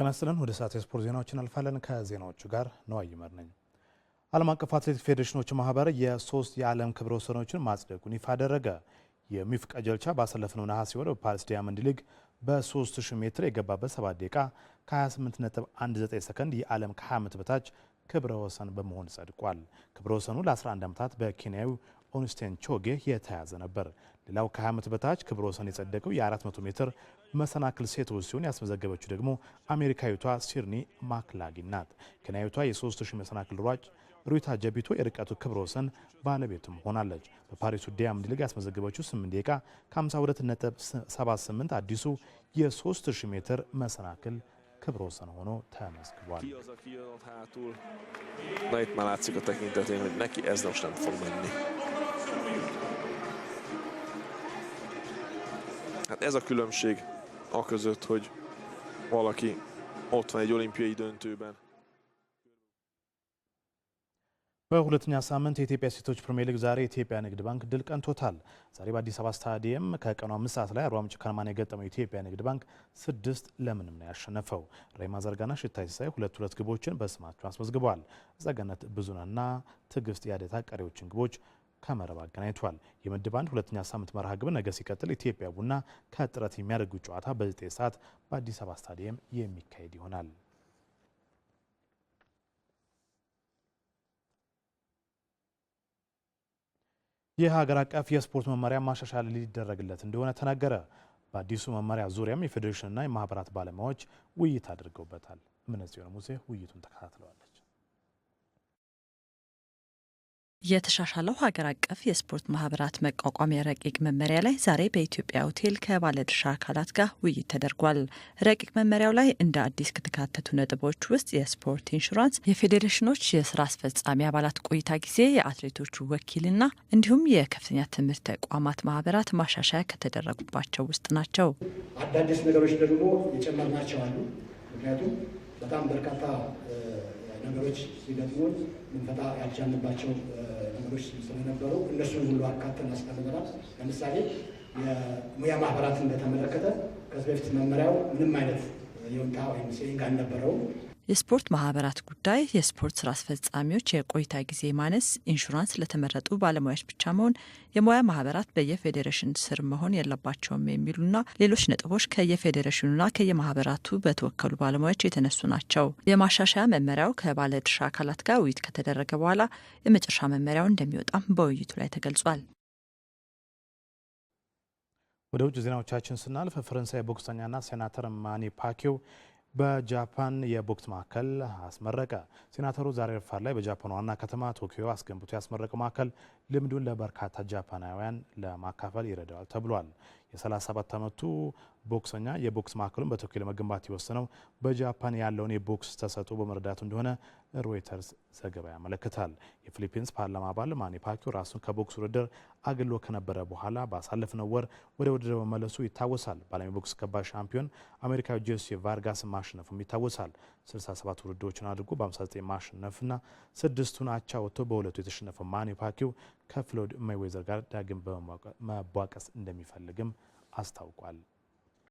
ጤና ይስጥልን። ወደ ሰዓት የስፖርት ዜናዎች እናልፋለን። ከዜናዎቹ ጋር ነው አይመር ነኝ። ዓለም አቀፍ አትሌቲክስ ፌዴሬሽኖች ማህበር የሶስት የዓለም ክብረ ወሰኖችን ማጽደቁን ይፋ አደረገ። የሚፍ ቀጀልቻ ባሳለፍነው ነሐሴ ወር በፓሪስ ዲያመንድ ሊግ በ3000 ሜትር የገባበት 7 ደቂቃ ከ28.19 ሰከንድ የዓለም ከ20 ዓመት በታች ክብረ ወሰን በመሆን ጸድቋል። ክብረ ወሰኑ ለ11 ዓመታት በኬንያዊ ኦንስቴን ቾጌ የተያዘ ነበር። ሌላው ከ20 ዓመት በታች ክብረ ወሰን የጸደቀው የ400 ሜትር መሰናክል ሴቶች ሲሆን ያስመዘገበችው ደግሞ አሜሪካዊቷ ሲርኒ ማክላጊን ናት። ኬንያዊቷ የ3000 መሰናክል ሯጭ ሩታ ጀቢቶ የርቀቱ ክብረ ወሰን ባለቤትም ሆናለች። በፓሪሱ ዲያምድ ሊግ ያስመዘገበችው 8 ደቂቃ ከ52.78 አዲሱ የ3000 ሜትር መሰናክል ክብረ ወሰን ሆኖ ተመዝግቧል። Na itt már látszik a tekintetén, hogy neki Hát ez a különbség a között, hogy valaki ott van egy olimpiai döntőben. በሁለተኛ ሳምንት የኢትዮጵያ ሴቶች ፕሪሚየር ሊግ ዛሬ የኢትዮጵያ ንግድ ባንክ ድል ቀንቶታል። ዛሬ በአዲስ አበባ ስታዲየም ከቀኑ አምስት ሰዓት ላይ አርባ ምንጭ ከነማን የገጠመው የኢትዮጵያ ንግድ ባንክ ስድስት ለምንም ነው ያሸነፈው። ሬማ ዘርጋና ሽታይ ሲሳይ ሁለት ሁለት ግቦችን በስማቸው አስመዝግበዋል። ጸገነት ብዙነና ትዕግስት ያደታ ቀሪዎችን ግቦች ከመረብ አገናኝቷል። የምድብ አንድ ሁለተኛ ሳምንት መርሃ ግብር ነገ ሲቀጥል ኢትዮጵያ ቡና ከጥረት የሚያደርጉት ጨዋታ በ9 ሰዓት በአዲስ አበባ ስታዲየም የሚካሄድ ይሆናል። የሀገር አቀፍ የስፖርት መመሪያ ማሻሻል ሊደረግለት እንደሆነ ተናገረ። በአዲሱ መመሪያ ዙሪያም የፌዴሬሽንና የማህበራት ባለሙያዎች ውይይት አድርገውበታል። እምነት ሙሴ ውይይቱን ተከታትለዋለች። የተሻሻለው ሀገር አቀፍ የስፖርት ማህበራት መቋቋሚያ ረቂቅ መመሪያ ላይ ዛሬ በኢትዮጵያ ሆቴል ከባለድርሻ አካላት ጋር ውይይት ተደርጓል። ረቂቅ መመሪያው ላይ እንደ አዲስ ከተካተቱ ነጥቦች ውስጥ የስፖርት ኢንሹራንስ፣ የፌዴሬሽኖች የስራ አስፈጻሚ አባላት ቆይታ ጊዜ፣ የአትሌቶቹ ወኪልና እንዲሁም የከፍተኛ ትምህርት ተቋማት ማህበራት ማሻሻያ ከተደረጉባቸው ውስጥ ናቸው። አዳዲስ ነገሮች ደግሞ የጨመርናቸው አሉ። ምክንያቱም በጣም በርካታ ነገሮች ሲገጥሙን ልንፈጣ ያልቻልንባቸው ነገሮች ስለነበሩ እነሱን ሁሉ አካተን አስቀምጠናል። ለምሳሌ የሙያ ማህበራትን በተመለከተ ከዚህ በፊት መመሪያው ምንም አይነት የወንታ ወይም ሴሊንግ አልነበረውም። የስፖርት ማህበራት ጉዳይ፣ የስፖርት ስራ አስፈጻሚዎች የቆይታ ጊዜ ማነስ፣ ኢንሹራንስ ለተመረጡ ባለሙያዎች ብቻ መሆን፣ የሙያ ማህበራት በየፌዴሬሽን ስር መሆን የለባቸውም የሚሉና ሌሎች ነጥቦች ከየፌዴሬሽኑና ከየማህበራቱ በተወከሉ ባለሙያዎች የተነሱ ናቸው። የማሻሻያ መመሪያው ከባለድርሻ አካላት ጋር ውይይት ከተደረገ በኋላ የመጨረሻ መመሪያው እንደሚወጣም በውይይቱ ላይ ተገልጿል። ወደ ውጭ ዜናዎቻችን ስናልፍ ፈረንሳይ ቦክሰኛና ሴናተር ማኒ ፓኪው በጃፓን የቦክስ ማዕከል አስመረቀ። ሴናተሩ ዛሬ ረፋድ ላይ በጃፓን ዋና ከተማ ቶኪዮ አስገንብቶ ያስመረቀው ማዕከል ልምዱን ለበርካታ ጃፓናውያን ለማካፈል ይረዳዋል ተብሏል። የ37 ዓመቱ ቦክሰኛ የቦክስ ማዕከሉን በቶኪዮ ለመገንባት የወሰነው በጃፓን ያለውን የቦክስ ተሰጦ በመረዳቱ እንደሆነ ሮይተርስ ዘገባ ያመለክታል። የፊሊፒንስ ፓርላማ አባል ማኒ ፓኪዮ ራሱን ከቦክስ ውድድር አግሎ ከነበረ በኋላ ባሳለፍነው ወር ወደ ውድድር መመለሱ ይታወሳል። በዓለም የቦክስ ከባድ ሻምፒዮን አሜሪካዊ ጄሲ ቫርጋስ ማሸነፉም ይታወሳል። 67 ውድድሮችን አድርጎ በ59 ማሸነፍና ስድስቱን አቻ ወጥቶ በሁለቱ የተሸነፈ ማኒ ፓኪዮ ከፍሎድ ሜይዌዘር ጋር ዳግም በመቧቀስ እንደሚፈልግም አስታውቋል።